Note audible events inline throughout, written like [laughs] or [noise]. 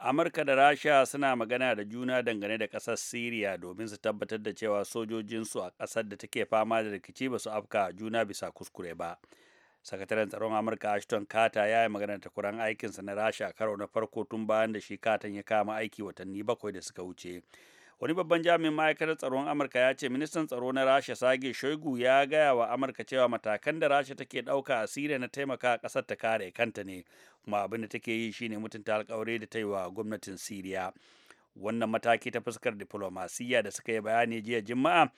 amurka da rasha suna magana da juna dangane da ƙasar siriya domin su tabbatar da cewa sojojinsu a ƙasar da take fama da rikici ba su afka juna bisa kuskure ba sakataren tsaron amurka ashton carter ya yi magana da kuran aikinsa na rasha a karo na farko tun bayan da shi katan ya kama aiki watanni bakwai da suka wuce wani babban jami'in ma'aikatar tsaron amurka ya ce ministan tsaro na rasha sage shoigu ya gaya wa amurka cewa matakan da rasha take ɗauka a siriya na taimaka ƙasar ta kare kanta ne kuma abin da take yi shine mutunta alkawari da ta yi wa gwamnatin siriya wannan mataki ta fuskar diflomasiyya da suka yi bayani jiya juma'a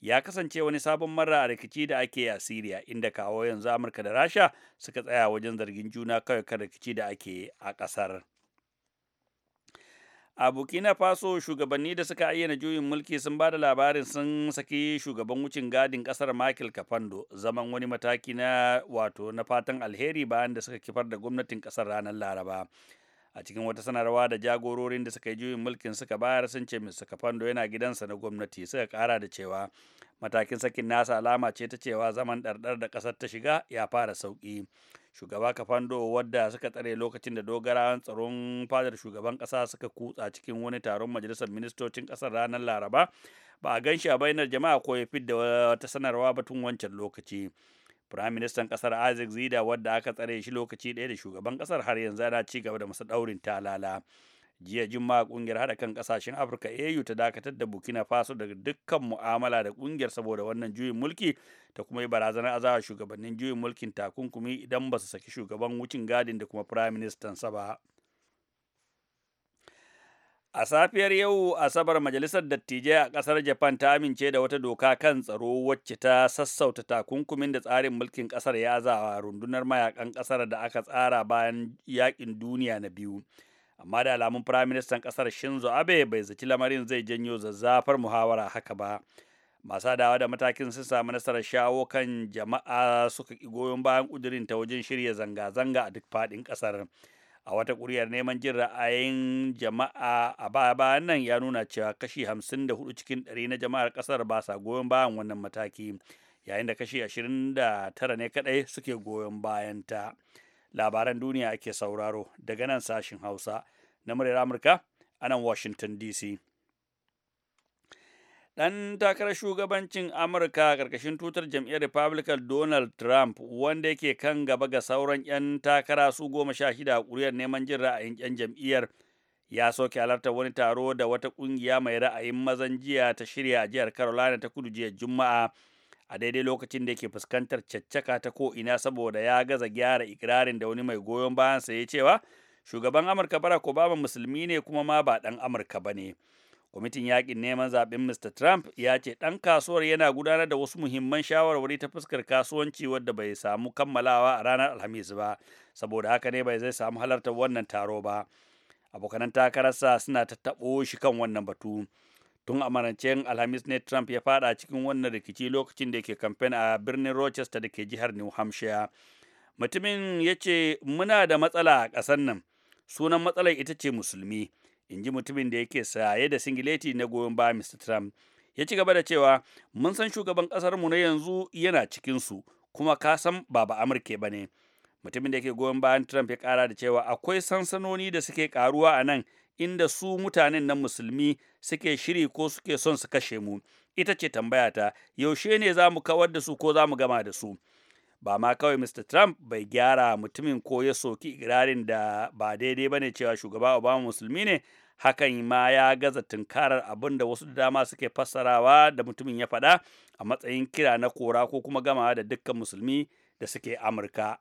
ya kasance wani sabon mara a rikici da ake a siriya inda kawo yanzu amurka da rasha suka tsaya wajen zargin juna kawai kan rikici da ake a ƙasar. a burkina faso shugabanni da suka ayyana juyin mulki sun ba da labarin sun saki shugaban wucin gadin kasar michael kafando zaman wani mataki na wato na fatan alheri bayan da suka kifar da gwamnatin kasar ranar laraba a cikin wata sanarwa da jagororin da suka yi juyin mulkin suka bayar sun ce mr kafando yana gidansa na gwamnati suka kara da cewa matakin sakin nasa alama ce ta cewa zaman ɗarɗar da ƙasar ta shiga ya fara sauƙi shugaba kafando wadda suka tsare lokacin da dogarawan tsaron fadar shugaban kasa suka kutsa cikin wani taron majalisar ministocin kasar ranar laraba ba a ganshi a bainar jama'a ko ya fidda wata sanarwa ba tun wancan lokaci Firaministan ƙasar Isaac Zida wadda aka tsare shi lokaci ɗaya da shugaban kasar har yanzu ana ci gaba da masa ɗaurin talala. jiya juma'a kungiyar hada kan kasashen afirka au ta dakatar da burkina faso daga dukkan mu'amala da kungiyar saboda wannan juyin mulki ta kuma yi barazanar azawa shugabannin juyin mulkin takunkumi idan ba su saki shugaban wucin gadin da kuma prime minister sa ba a safiyar yau asabar majalisar dattijai a kasar japan ta amince da wata doka kan tsaro wacce ta sassauta takunkumin da tsarin mulkin kasar ya zawa rundunar mayakan kasar da aka tsara bayan yakin duniya na biyu amma da alamun firaministan kasar shinzo abe bai zaci lamarin zai janyo zazzafar muhawara haka ba masu adawa da matakin sun samu nasarar shawo kan jama'a suka ki goyon bayan kudirin ta wajen shirya zanga-zanga a duk fadin kasar. a wata ƙuri'ar neman jin ra'ayin jama'a a baya nan ya nuna cewa kashi 54 cikin 100 na jama'ar kasar ba sa goyon bayan wannan mataki yayin da kashi 29 ne kadai suke goyon bayan ta. labaran duniya ake sauraro daga nan sashin hausa na muryar amurka a nan washington dc Ɗan takarar shugabancin Amurka ƙarƙashin tutar jam'iyyar Republican Donald Trump wanda yake kan gaba ga sauran 'yan takara su goma sha shida a ƙuriyar neman jin ra'ayin 'yan jam'iyyar ya soke halartar wani taro da wata ƙungiya mai ra'ayin mazan jiya ta shirya a jihar Carolina ta kudu jiya Juma'a a daidai lokacin da yake fuskantar caccaka ta ko ina saboda ya gaza gyara ikirarin da wani mai goyon bayansa ya cewa shugaban amurka barack obama musulmi ne kuma ma ba ɗan amurka ba ne kwamitin yakin neman zaɓen mr trump ya ce ɗan kasuwar yana gudanar da wasu muhimman shawarwari ta fuskar kasuwanci wadda bai samu kammalawa a ranar alhamis ba saboda haka ne bai zai samu halartar wannan taro ba abokanan takararsa suna tattaɓo shi kan wannan batu tun a alhamis ne trump ya fada cikin wannan rikici lokacin da yake kamfen a birnin rochester da ke jihar new hampshire mutumin ya ce muna da matsala a kasan nan sunan matsalar ita ce musulmi in ji mutumin da yake saye da singileti na goyon ba mr trump ya ci gaba da cewa mun san shugaban kasar mu na yanzu yana cikinsu kuma ka san ba ba amurke ba ne mutumin da yake goyon bayan trump ya kara da cewa akwai sansanoni da suke karuwa a nan inda su mutanen nan musulmi suke shiri ko suke son su kashe mu ita ce tambayata yaushe ne za mu kawar da su ko za mu gama da su ba ma kawai mr trump bai gyara mutumin ko ya soki igirarin da ba daidai ba ne cewa shugaba obama musulmi ne hakan ma ya gaza tunkarar abin da wasu da dama suke fassarawa da mutumin ya faɗa a matsayin kira na kora ko kuma gamawa da dukkan musulmi da suke amurka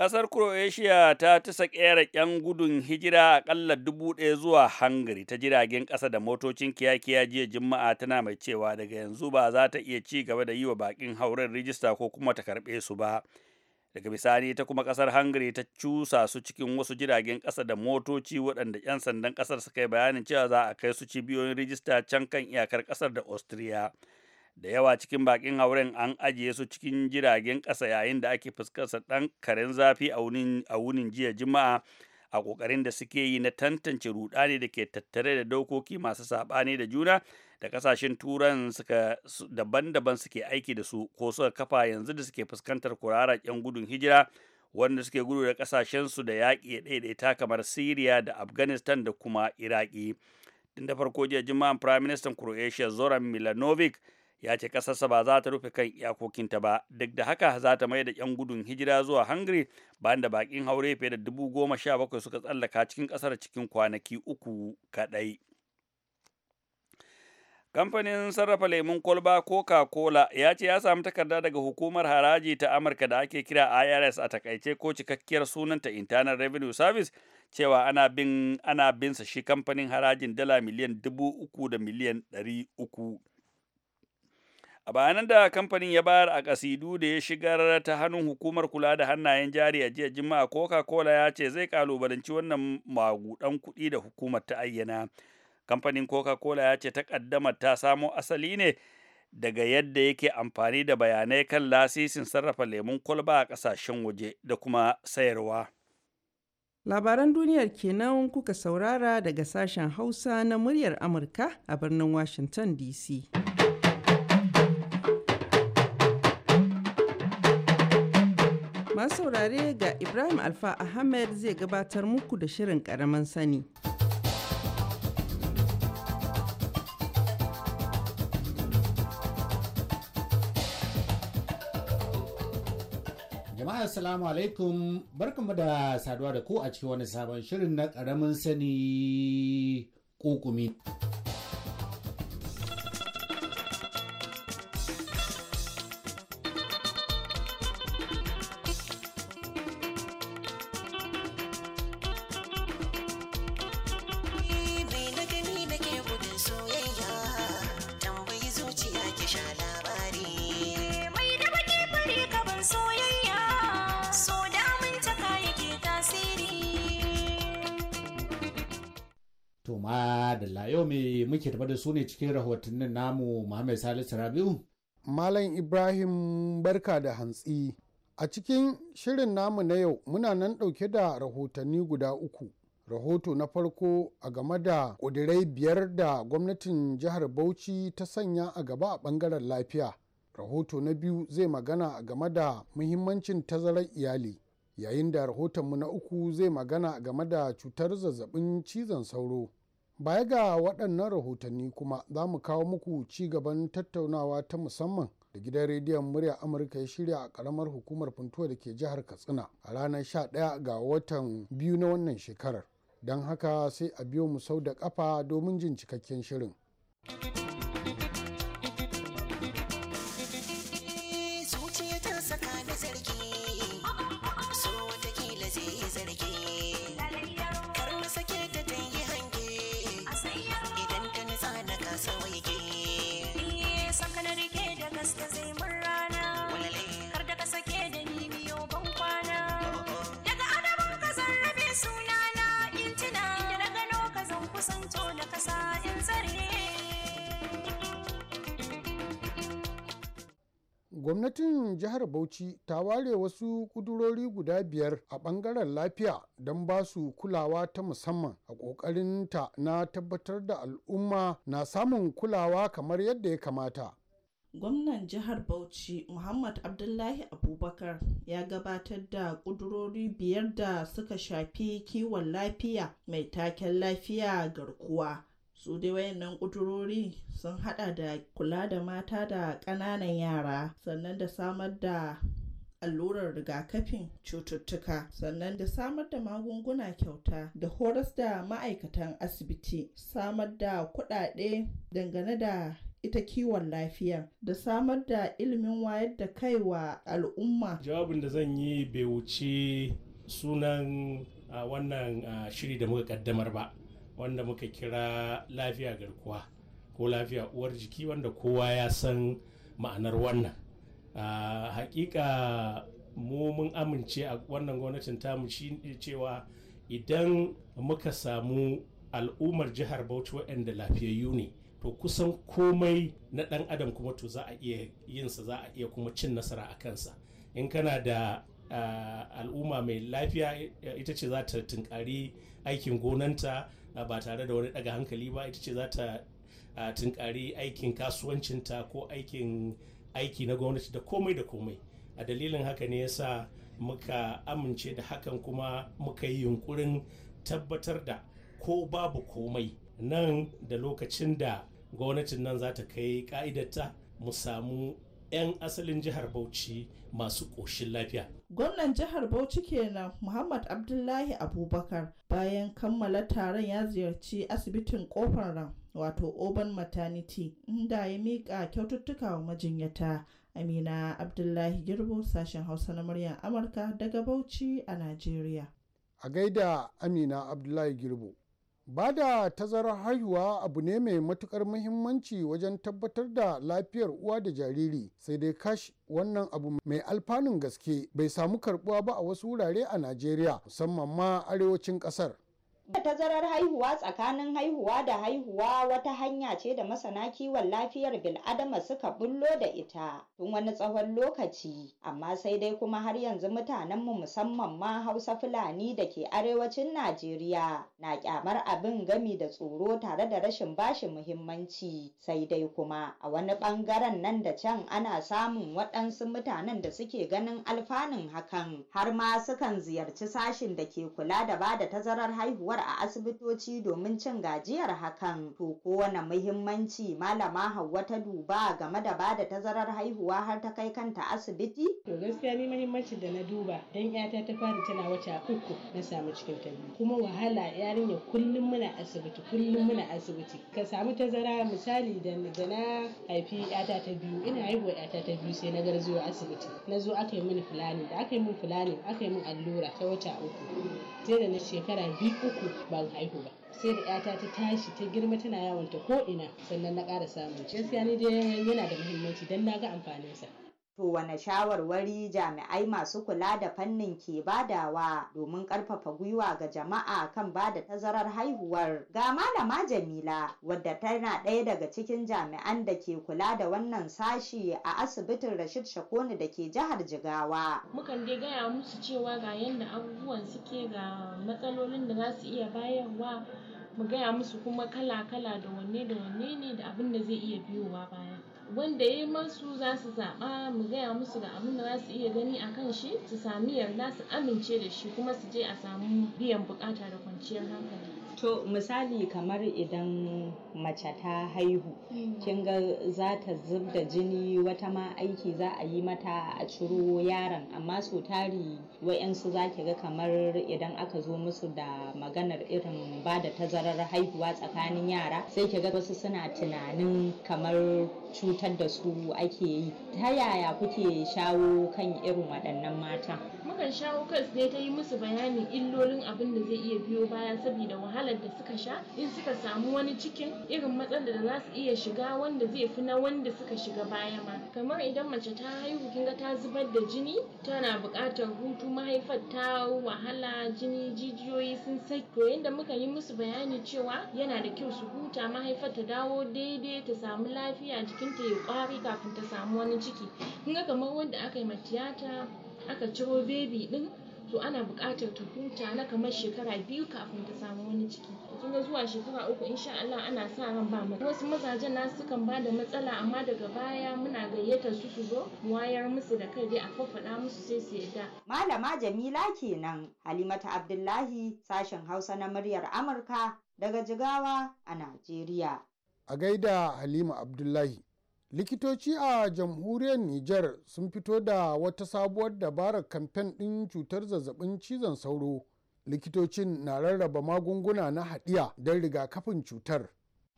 Ƙasar Croatia ta tasa ƙera ƴan gudun hijira aƙalla dubu ɗaya zuwa Hungary ta jiragen ƙasa da motocin kiyakiya jiya Juma'a tana mai cewa daga yanzu ba za ta iya ci gaba da yi wa baƙin hauren rijista ko kuma ta karɓe su ba. Daga bisani ta kuma ƙasar Hungary ta cusa su cikin wasu jiragen ƙasa da motoci waɗanda ƴan sandan ƙasar suka yi bayanin cewa za a kai su cibiyoyin rijista can kan iyakar ƙasar da Austria. da yawa cikin bakin auren an ajiye su cikin jiragen ƙasa yayin da ake fuskantar ɗan karen zafi a wunin jiya juma'a a ƙoƙarin da suke yi na tantance rudani da ke tattare da dokoki masu saɓani da juna da ƙasashen turan suka daban-daban suke aiki da su ko suka kafa yanzu da suke fuskantar kurara 'yan gudun hijira wanda suke gudu da ƙasashensu da yaƙi ya ɗaiɗaita kamar siriya da afghanistan da kuma iraki tun da farko jiya juma'a prime minister croatia zoran milanovic ya ce kasarsa ba za ta rufe kan iyakokinta ba duk da haka za ta mai da 'yan gudun hijira zuwa hungary bayan da bakin haure fiye da dubu goma sha bakwai suka tsallaka cikin ƙasar cikin kwanaki uku kaɗai kamfanin sarrafa lemun kwalba coca-cola ya ce ya samu takarda daga hukumar haraji ta amurka da ake kira irs a takaice ko cikakkiyar sunanta internal revenue service cewa ana bin ana binsa shi kamfanin harajin dala miliyan dubu uku da miliyan ɗari uku a bayanan da kamfanin ya bayar a kasidu da ya shigar ta hannun hukumar kula da hannayen jari a jiya juma'a coca-cola ya ce zai kalubalanci wannan magudan kuɗi da hukumar ta ayyana kamfanin coca-cola ya ce takaddamar ta samo asali ne daga yadda yake amfani da bayanai kan lasisin sarrafa lemun kwalba a kasashen waje da kuma sayarwa labaran duniyar kenan kuka saurara daga sashen hausa na muryar amurka a birnin washington dc Masu saurare ga Ibrahim Alfa Ahmed zai gabatar muku da shirin ƙaramin sani. Jama'a Assalamu alaikum barkanmu da saduwa da ku a cikin wani sabon shirin na ƙaramin sani kukumi. su ne cikin rahotannin namu Muhammad Salisu Rabiu. Malam Ibrahim barka da hantsi. A cikin shirin namu na yau muna nan ɗauke da rahotanni guda uku. Rahoto na farko a game da ƙudirai biyar da gwamnatin jihar Bauchi ta sanya a gaba a ɓangaren lafiya. Rahoto na biyu zai magana a game da muhimmancin tazarar iyali. Yayin da rahotonmu na uku zai magana a game da cutar zazzabin cizon sauro. baya ga waɗannan rahotanni kuma za mu kawo muku ci gaban tattaunawa ta musamman da gidan rediyon murya amurka ya shirya a ƙaramar hukumar funtuwa da ke jihar katsina a ranar 11 ga watan biyu na wannan shekarar don haka sai a biyo mu sau da ƙafa domin jin cikakken shirin. gwamnatin jihar bauchi ta ware wasu kudurori guda biyar a bangaren lafiya don ba su kulawa ta musamman a ta na tabbatar da al'umma na samun kulawa kamar yadda ya kamata gwamnan jihar bauchi muhammad abdullahi abubakar ya gabatar da kudurori biyar da suka shafi kiwon lafiya mai taken lafiya garkuwa su dai wayannan kuturori sun hada da kula da mata da ƙananan yara sannan da samar da allurar rigakafin cututtuka sannan da samar da magunguna kyauta da horas da ma'aikatan asibiti samar da kuɗaɗe dangane da ita kiwon lafiya da samar da ilimin wayar da kai wa al'umma jawabin da zan yi bai wuce sunan wannan shiri da muka kaddamar ba wanda muka kira lafiya garkuwa ko lafiya uwar jiki wanda kowa ya san ma'anar wannan a hakika mu mun amince a wannan gwamnatin tamu shi cewa idan muka samu al'ummar jihar bauchi waɗanda lafiyayyu ne to kusan komai na ɗan adam kuma to za a iya yinsa za a iya kuma cin nasara a kansa in kana da al'umma mai lafiya ita ce za ta tunkari aikin gonanta ba tare da wani daga hankali ba ita ce za ta tunkari aikin kasuwancinta ko aikin aiki na gwamnati da komai da komai a dalilin haka ne yasa muka amince da hakan kuma muka yi yunkurin tabbatar da ko babu komai nan da lokacin da gwamnatin nan za ta kai ka'idarta mu samu 'yan asalin jihar bauchi masu ƙoshin lafiya gwamnan jihar bauchi kenan muhammad abdullahi abubakar bayan kammala taron ya ziyarci asibitin kofar ran wato oban maternity inda ya miƙa kyaututtuka wa majinyata amina abdullahi girbo sashen hausa na muryar amurka daga bauchi a najeriya a gaida amina abdullahi girbo ba da tazarar haihuwa abu ne mai matukar muhimmanci wajen tabbatar da lafiyar uwa da jariri sai dai kash wannan abu mai alfanun gaske bai samu karbuwa ba a wasu wurare a najeriya musamman ma arewacin kasar Tazarar haihuwa tsakanin haihuwa da haihuwa wata hanya ce da masana kiwon lafiyar bil'adama suka bullo da ita tun wani tsawon lokaci, amma sai dai kuma har yanzu mutanen mu musamman ma Hausa Fulani da ke arewacin Najeriya na kyamar abin gami da tsoro tare da rashin bashi muhimmanci. Sai dai kuma a wani bangaren nan da can ana samun waɗansu mutanen da suke ganin alfanun hakan har ma sukan ziyarci sashin da ke kula da ba da tazarar haihuwar a asibitoci domin cin gajiyar hakan. To ko wane muhimmanci malama Hauwa ta duba game da bada tazarar haihuwa har ta kai kanta asibiti? To gaskiya ni muhimmancin da na duba dan yata ta fara tana wata uku na samu cikin ta kuma wahala yarinya kullum muna asibiti kullum muna asibiti ka samu tazara misali da na haifi yata ta biyu ina haihuwa yata ta biyu sai na garzo asibiti na zo aka yi mini fulani da aka yi min fulani aka yi min allura ta wata uku sai da na shekara biyu uku ba haihu ba sai da yata ta tashi ta girma tana yawon ta ko ina sannan na ƙara samun gaskiya ni dai yana da muhimmanci dan na ga amfaninsa To wane shawarwari jami'ai masu kula da fannin ke badawa domin karfafa gwiwa ga jama'a kan bada tazarar haihuwar? Ga Malama Jamila wadda tana ɗaya daga cikin jami'an da ke kula da wannan sashi a asibitin Rashid Shakoni da ke jihar Jigawa. Mukan dai gaya musu cewa ga yadda abubuwan suke ga matsalolin da za su iya bayarwa mu gaya musu kuma kala-kala da wanne da wanne ne da abin da zai iya biyowa baya. wanda ya masu za su zaɓa mu gaya musu ga abin da za su iya gani a kan shi su sami yarda su amince da shi kuma su je a samu biyan buƙata da kwanciyar hankali. To misali kamar idan mace ta haihu mm. kin ga za ta zub da jini wata ma aiki za a yi mata a ciro yaron amma so tari wa'yansu za ki ga kamar idan aka zo musu da maganar irin ba da tazarar haihuwa tsakanin yara sai ki ga wasu suna tunanin kamar cutar da su ake yi ta yaya kuke shawo kan irin waɗannan mata mukan shawo kan ne ta yi musu bayanin illolin abin da zai iya biyo baya saboda wahalar da suka sha in suka samu wani cikin irin matsalar da za su iya shiga wanda zai fi na wanda suka shiga baya ma kamar idan mace ta haihu kinga ta zubar da jini tana buƙatar hutu mahaifar ta wahala jini jijiyoyi sun saki to yanda muka yi musu bayani cewa yana da kyau su huta mahaifar ta dawo daidai ta samu lafiya jikinta ya ƙwari kafin ta samu wani ciki Kinga kamar wanda aka yi ma tiyata aka ciro bebi ɗin so ana buƙatar ta huta na kamar shekara biyu kafin ta samu wani ciki kin ga zuwa shekara uku insha Allah ana sa ran ba matsala wasu mazajen nasu sukan ba da matsala amma daga baya muna gayyatar su su zo mu wayar musu da kai dai a faffada musu sai su yarda malama Jamila kenan Halimatu Abdullahi sashen Hausa na muryar Amurka daga Jigawa a Najeriya a gaida Halima Abdullahi likitoci a jamhuriyar niger sun fito da wata sabuwar dabarar kamfen ɗin cutar zazzabin cizon sauro likitocin na rarraba magunguna na hadiya don rigakafin cutar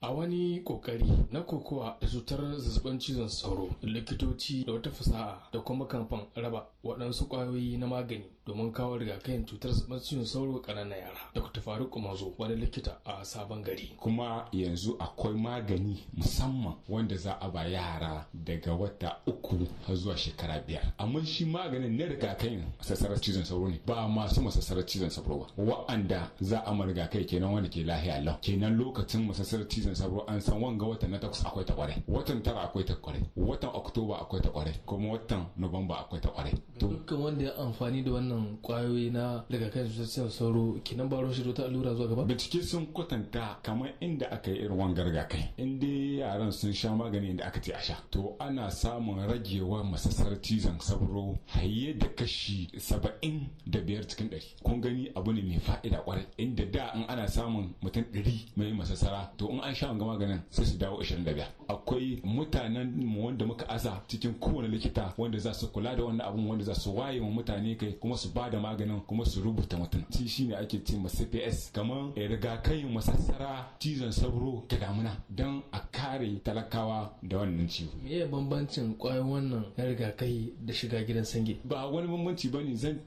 a wani kokari na kokowa da cutar zazzabin cizon sauro likitoci da wata fasaha da kuma kamfan raba waɗansu ƙwayoyi na magani domin kawo rigakafin cutar zubar ciwon sauro ƙananan yara dr faruk mazo wani likita a sabon gari kuma yanzu akwai magani musamman wanda za a ba yara daga wata uku har zuwa shekara biyar amma shi maganin na rigakafin sassarar cizon sauro ne ba masu masassarar cizon sauro ba wa'anda za a ma rigakafi kenan wanda ke lahiya lau kenan lokacin masassarar cizon sauro an san wanga watan na takwas akwai ta kwarai watan tara akwai ta kwarai watan oktoba akwai ta kwarai kuma watan nuwamba akwai ta kwarai to dukkan wanda ya amfani da wannan kwayoyi na daga kan cutar sauro kinan baro shi ta allura zuwa gaba bincike sun kwatanta kamar inda aka yi irin wangar kai in dai yaran sun sha magani inda aka ce a sha to ana samun ragewa masasar cizon sauro haye da kashi saba'in da biyar cikin ɗari kun gani abu ne mai fa'ida kwarai inda da in ana samun mutum ɗari mai masasara to in an sha wanga maganin sai su dawo ashirin da biyar akwai mutanen mu wanda muka aza cikin kowane likita wanda za su kula da wannan abun wanda za su waye wa mutane kai kuma su ba da maganin kuma su rubuta mutum shi shine ake ce ma CPS kaman rigakafin masassara cizon sabro ga damuna don a kare talakawa da wannan ciwo me bambancin kwayoyin wannan rigakafi da shiga gidan sange ba wani bambanci ba bane can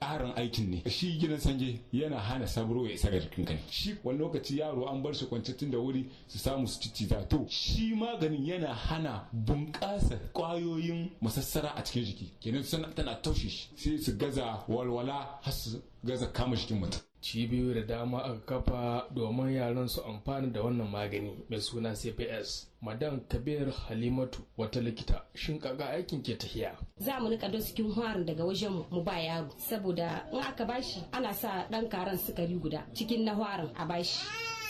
tsarin aikin ne shi gidan sange yana hana sabro ya isa ga jikin kai shi wani lokaci yaro an bar shi kwance tun da wuri su samu su cicciza to shi maganin yana hana bunƙasa kwayoyin masassara a cikin jiki kenan tana taushe shi sai su gaza walwala har su gaza kama jikin mutum cibiyoyi da dama aka kafa domin yaran su amfani da wannan magani mai suna cps madan kabir halimatu wata likita shin kaga aikin ke tahiya za mu nika dosikin harin daga wajen mu ba yaro saboda in aka bashi ana sa dan karan sukari guda cikin na harin a bashi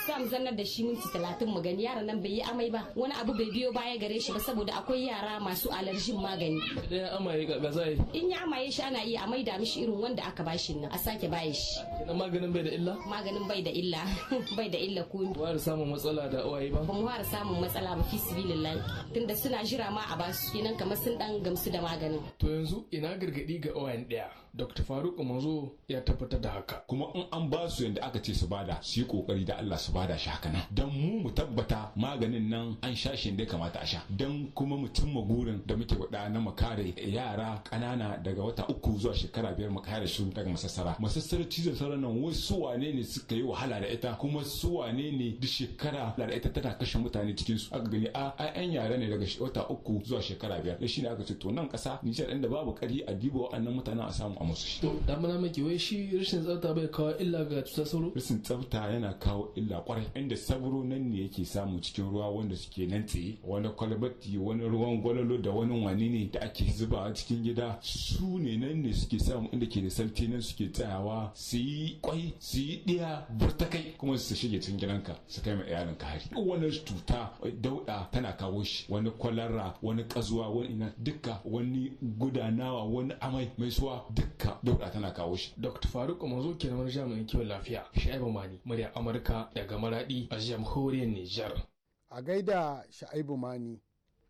za mu zannar da shi minti talatin mu gani yaran nan bai yi amai ba wani abu bai biyo baya gare shi ba saboda akwai yara masu alarjin magani ya amaye ga zai in ya amaye shi ana iya amai da mishi irin wanda aka bashi nan a sake baye shi kina maganin bai da illa maganin bai da illa [laughs] bai da illa ko ba da samun matsala da uwaye ba mu har samun matsala ba fi sibilillahi tunda suna jira ma a basu kenan kamar sun dan gamsu da maganin to yanzu ina gargadi ga uwayen daya Dr. Faruk Manzo ya tabbatar da haka. Kuma in an ba su yadda aka ce su bada su yi kokari da Allah su bada shi haka nan. Dan mu mu tabbata maganin nan an sha shi ya kamata a sha. Dan kuma mu cimma gurin da muke faɗa na mu kare yara ƙanana daga wata uku zuwa shekara biyar mu kare su daga masassara. Masassara cizon sauran nan wasu wane ne suka yi wahala da ita kuma su wane ne duk shekara da ita tana kashe mutane cikin su aka gani a ayan yara ne daga wata uku zuwa shekara biyar. Shi ne aka ce to nan ƙasa Nijar inda babu ƙari a diba wa'annan mutanen a samu a musu shi. To da muna maki wai shi rashin tsafta bai kawo illa ga cutar sauro? Rashin tsafta yana kawo illa kwarai inda sauro nan ne yake samu cikin ruwa wanda suke nan tsaye wani kwalbati wani ruwan gwalolo da wani wani ne da ake zuba cikin gida su ne nan ne suke samu inda ke da salti nan suke tsayawa su yi kwai su yi ɗiya burtakai kuma su shige cikin gidanka su kai ma ka hari. Wani cuta eh, dauɗa tana kawo shi wani kwalara wani kazuwa wani ina duka wani gudanawa wani amai mai suwa duk dukka dauda tana kawo shi dr faruk mazo ke na jami'in kiwon lafiya sha'ibu mani murya amurka daga maradi a jamhuriyar nijar a gaida sha'ibu mani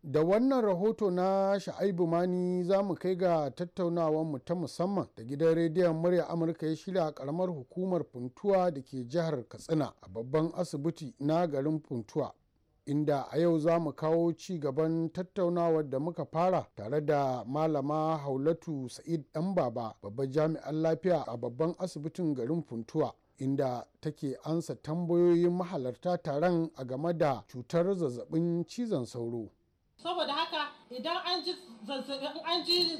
da wannan rahoto na sha'ibu mani za mu kai ga tattaunawar mu ta musamman da gidan rediyon murya amurka ya shirya a karamar hukumar puntuwa da ke jihar katsina a babban asibiti na garin puntuwa inda a yau za mu kawo ci gaban tattaunawar da muka fara tare da malama haulatu sa'id dan baba babban jami'an lafiya a babban asibitin garin funtuwa inda take ansa tambayoyin mahalarta taron a game da cutar zazzabin cizon sauro saboda haka idan an ji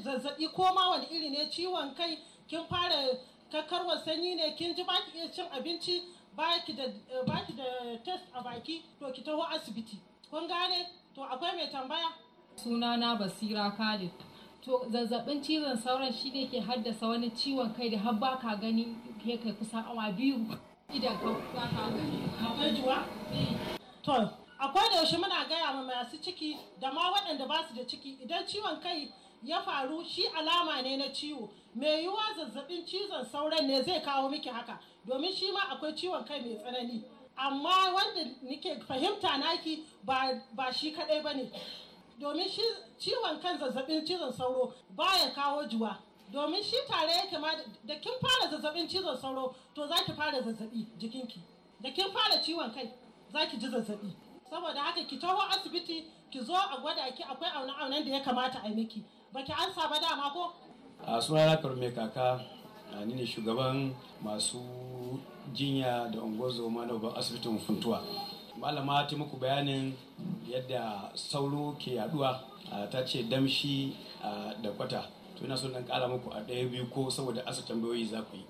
zazzabi ko ma wani iri ne ciwon kai kin fara kakkarwar sanyi ne kin ji baki iya cin abinci baki da eh, da test a baki to ki taho asibiti kun gane to akwai mai tambaya sunana basira khalid to zazzabin cizon sauran shi ne ke haddasa wani ciwon kai da har ba ka gani ke kai kusa awa biyu idan ka ba ka gani to akwai da yaushe muna gaya ma masu ciki da ma waɗanda ba su da ciki idan ciwon kai ya faru shi alama ne na ciwo mai yiwuwa zazzabin cizon sauran ne zai kawo miki haka domin shi ma akwai ciwon kai mai tsanani amma wanda nike fahimta naki ba, ba shi kadai ba ne domin shi ciwon kan zazzabin cizon sauro baya kawo juwa domin shi tare yake ma da kin fara zazzabin cizon sauro to za ki fara zazzabi jikinki da kin fara ciwon kai za ki ji zazzabi saboda haka ki taho asibiti ki zo a gwada ki akwai aune-aunen da ya kamata a yi miki baki an saba dama ko a suna karo mai kaka ni ne shugaban masu jinya da unguwar na babban asibitin funtuwa malama ta muku bayanin yadda sauro ke yaduwa ta ce damshi da kwata to ina son dan kara muku a daya biyu ko saboda asa tambayoyi za ku yi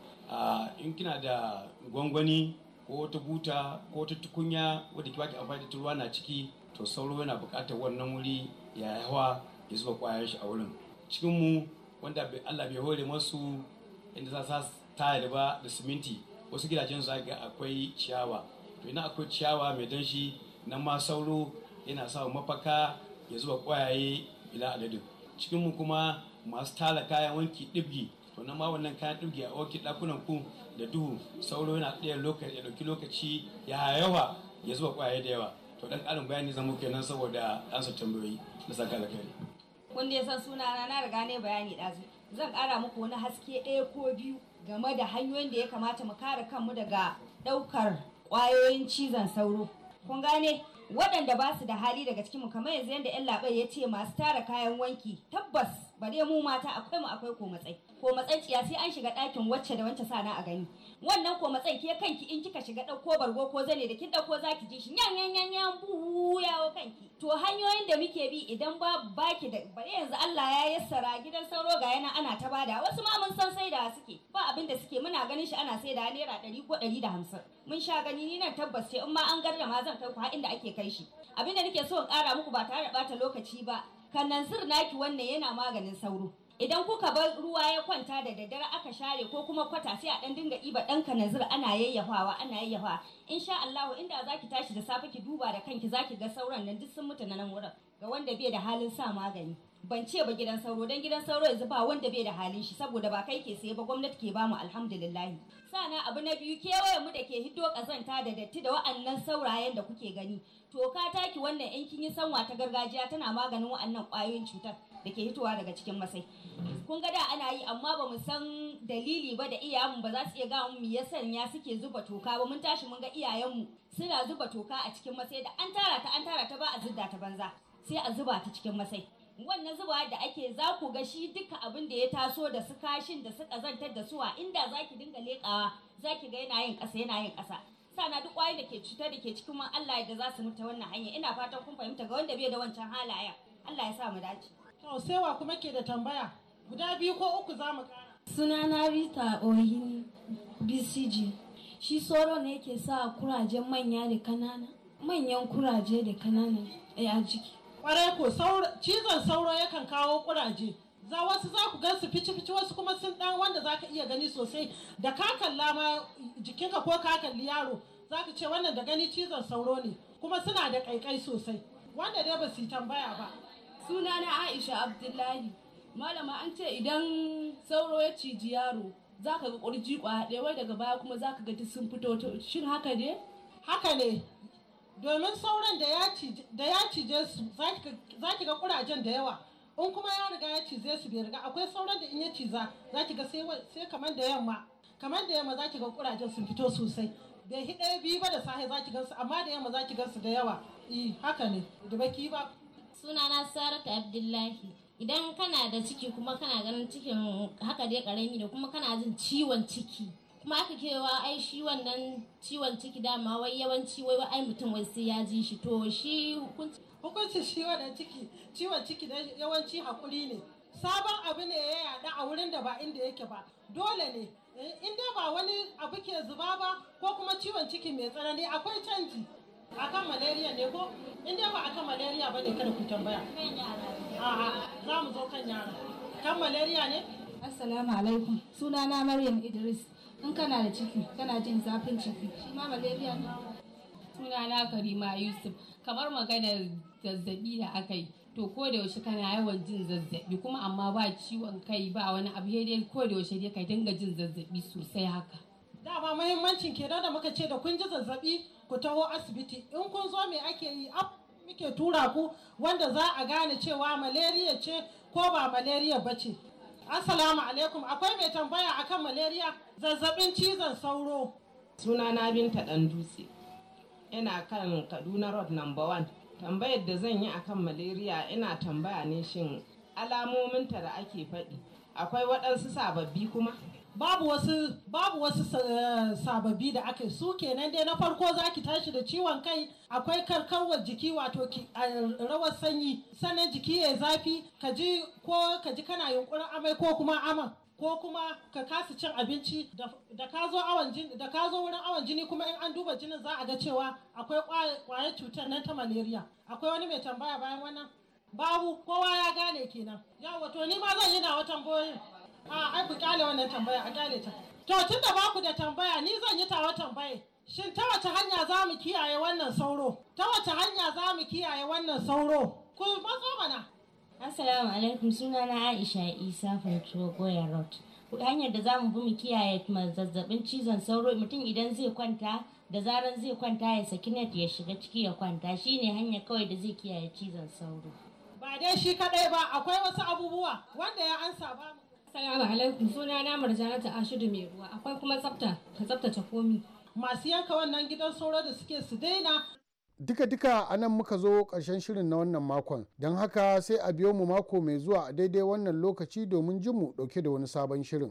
in kina da gwangwani ko ta buta ko ta tukunya wadda baki amfani da turwa na ciki to sauro yana bukatar wannan wuri ya yawa ya zuba kwayar shi a wurin cikin mu wanda Allah bai hore masu inda za su tayar ba da siminti wasu gidajen za ga akwai ciyawa to ina akwai ciyawa mai danshi na ma sauro yana sa mafaka ya zuba kwayaye ila adadin cikin mu kuma masu tala kayan wanki dibgi to nan ma wannan kayan dibgi a wanki dakunan ku da duhu sauro yana ɗaya lokaci ya ɗauki lokaci ya yawa ya zuwa kwayaye da yawa to dan karin bayani zan muke nan saboda ansa tambayoyi na saka kun dai san sunana na riga ne bayani ɗazu zan ƙara muku wani haske ɗaya ko biyu game da hanyoyin da ya kamata mu kare kanmu daga ɗaukar ƙwayoyin cizon sauro kun gane waɗanda ba su da hali daga cikin kamar yanzu yadda yan labai ya ce masu tara kayan wanki tabbas ba dai mu mata akwai mu akwai ko matsai ko sai an shiga ɗakin wacce da wacce sana a gani wannan ko matsai ke kanki in kika shiga ɗauko bargo ko zane da kin ɗauko zaki ji shi yan yan yan yan kanki to hanyoyin da muke bi idan ba baki da bare yanzu Allah ya yassara gidan sauro ga yana ana ta bada wasu ma mun san saida suke ba abin da suke muna ganin shi ana saida naira ɗari ko ɗari da hamsin mun sha gani ni nan tabbas sai in ma an garda ma zan kai ku inda ake kai. kai shi abin da nake so in ƙara muku ba tare da ɓata lokaci ba kannansir naki wannan yana maganin sauro idan kuka bar ruwa ya kwanta da daddare aka share ko kuma kwata sai a dan dinga ɗiba ɗan kananzir ana yayyafawa ana yayyafawa insha Allah inda zaki tashi da safe ki duba da kanki zaki ga sauran nan duk sun mutu na nan wurin ga wanda bai da halin sa magani ban ce ba gidan sauro dan gidan sauro yanzu ba wanda bai da halin shi saboda ba kai ke sai ba gwamnati ke bamu alhamdulillah sana abu na biyu kewayen mu da ke hiddo kazanta da datti da wa'annan saurayen da kuke gani to ka taki wannan in kin yi sanwa ta gargajiya tana maganin wa'annan ƙwayoyin cutar da ke hitowa daga cikin masai kun ga da ana yi amma bamu san dalili ba da iyayenmu ba za su iya gawo mu ya sanya suke zuba toka ba mun tashi mun ga iyayenmu suna zuba toka a cikin masai da an tara ta an tara ta ba a zidda ta banza sai a zuba ta cikin masai wannan zuba da ake za ku ga shi duka abin da ya taso da su kashin da su kazantar da suwa inda za ki dinga leƙawa za ki ga yana yin ƙasa yana yin ƙasa sana duk ƙwayoyin da ke cuta da ke cikin Allah Allah da za su mutu wannan hanya ina fatan kun fahimta ga wanda bai da wancan halayen Allah ya sa mu dace. To sai wa kuma ke da tambaya guda biyu ko uku za mu kara. Sunana Rita Ohini BCG shi soro ne ke sa kurajen manya da kanana manyan kuraje da kanana eh, a jiki. Kwarai ko cizon sauro yakan kawo kuraje. Za wasu za ku gan su fici-fici wasu kuma sun dan wanda za ka iya gani sosai da ka kalla ma jikinka ko ka kalli yaro za ka ce wannan da gani cizon sauro ne kuma suna da kaikai sosai wanda dai ba su tambaya ba. suna na Aisha Abdullahi. Malama an ce idan sauro ya ciji yaro za ka ga kurji kwa wai daga baya kuma za ka ga sun fito shin haka ne? Haka ne domin sauran da ya cije su za ki ga kurajen da yawa in kuma ya riga ya cize su bai riga akwai sauran da in ya ciza za ki ga sai kamar da yamma kamar da yamma za ki ga kurajen sun fito sosai bai hi ɗaya biyu ba da sahi za ki gansu amma da yamma za ki gansu da yawa eh haka ne da baki ba sunana sarata abdullahi idan kana da ciki kuma kana ganin cikin haka dai karami da kuma kana jin ciwon ciki kuma aka wa ai shi wannan ciwon ciki dama wai yawanci wai ai mutum wai sai ya ji shi to shi hukunci hukunci shi wannan ciki ciwon ciki da yawanci hakuri ne sabon abu ne ya yada a wurin da ba inda yake ba dole ne eh, in dai ba wani abu ke zuba ba ko kuma ciwon ciki mai tsanani akwai canji akan malaria ne ko in dai ba akan malaria ba ne kada ku tambaya a za mu zo kan yara kan malaria ne assalamu alaikum sunana maryam idris in kana da ciki kana jin zafin ciki shi ma malaria ne sunana karima yusuf kamar maganar zazzabi da aka yi to ko da yaushe kana yawan jin zazzabi kuma amma ba ciwon kai ba wani abu dai ko da yaushe dai ka dinga jin zazzabi sosai haka dama muhimmancin kenan da muka ce da kun ji zazzabi ku taho asibiti in kun zo me ake yi muke tura ku wanda za a gane cewa malaria ce ko ba malaria ba ce Assalamu alaikum akwai mai tambaya akan malaria zazzabin cizon sauro. Suna na Binta ɗan dutse. Ina kan Kaduna Road number one. Tambayar da zan yi akan malaria ina tambaya ne shin ta da ake faɗi akwai waɗansu sababbi kuma? babu wasu babu wasu eh, sababbi da aka su kenan dai na farko zaki tashi da ciwon kai akwai karkarwar jiki wato rawar sanyi sannan jiki ya zafi ka ji ko ka ji kana yunkurin amai ko kuma aman ko kuma ka kasa cin abinci da ka zo awon jini da ka zo wurin awon jini kuma in an duba jinin za a ga cewa akwai kwayar cutar nan ta malaria akwai wani mai tambaya bayan wannan babu kowa ya gane kenan yawa to ni ma zan yi na watan boyin A ai ku kyale wannan tambaya a kyale ta. To tun da baku da tambaya ni zan yi tawa tambaye. Shin ta wace hanya za mu kiyaye wannan sauro? Ta wace hanya za mu kiyaye wannan sauro? Ku matso mana. Assalamu alaikum sunana Aisha Isa Fantuwa Goya Road. hanyar da za mu bi mu kiyaye zazzabin cizon sauro mutum idan zai kwanta da zaran zai kwanta ya saki net ya shiga ciki ya kwanta shine hanya kawai da zai kiyaye cizon sauro ba dai shi kaɗai ba akwai wasu abubuwa wanda ya ansa ba Assalamu alaikum suna na Murjanatu Ashidu mai ruwa akwai kuma tsafta ka tsaftace komi. Masu yanka wannan gidan sauro da suke su daina. Duka-duka a nan muka zo ƙarshen shirin na wannan makon, don haka sai a biyo mu mako mai zuwa a daidai wannan lokaci domin jin mu ɗauke da wani sabon shirin.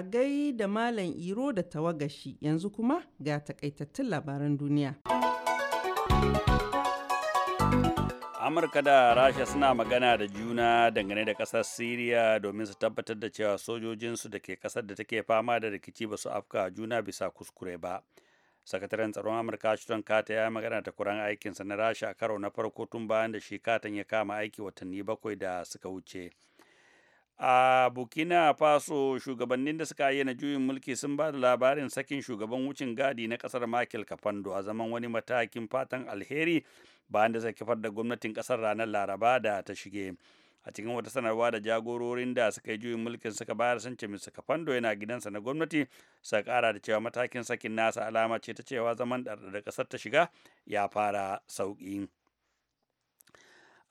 a gai da Malam Iro da tawagashi yanzu kuma ga takaitattun labaran duniya. Amurka da Rasha suna magana da juna dangane da ƙasar Siriya domin su tabbatar da cewa sojojinsu da ke ƙasar da take fama da rikici ba su afka juna bisa kuskure ba. sakataren tsaron amurka ashton kata ya magana da kuran aikinsa na rasha a karo na farko tun bayan da shi katan ya kama aiki watanni bakwai da suka wuce a Bukina faso shugabannin da suka yi na juyin mulki sun ba da labarin sakin shugaban wucin gadi na kasar michael kafando a zaman wani matakin fatan alheri bayan da suka kifar da gwamnatin kasar ranar laraba da ta shige a cikin wata sanarwa da jagororin da suka yi juyin mulkin suka bayar sun ce mr kafando yana gidansa na gwamnati sa kara da cewa matakin sakin nasa alama ce ta cewa zaman da kasar ta shiga ya fara sauƙi.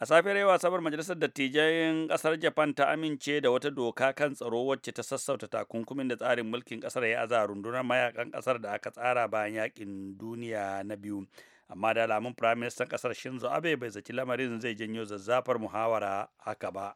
A safiyar yau Asabar Majalisar Dattijan Ƙasar Japan ta amince da wata doka kan tsaro wacce ta sassauta takunkumin da tsarin mulkin ƙasar ya aza rundunar mayakan ƙasar da aka tsara bayan yaƙin duniya na biyu. Amma da alamun Firaministan ƙasar Shinzo Abe bai zaci lamarin zai janyo zazzafar muhawara haka ba.